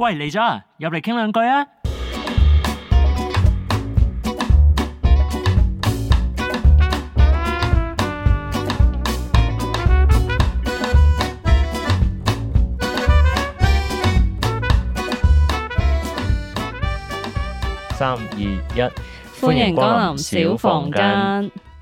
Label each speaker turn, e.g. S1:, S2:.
S1: 喂，嚟咗啊！入嚟傾兩句啊！三二一，歡迎光臨小房間。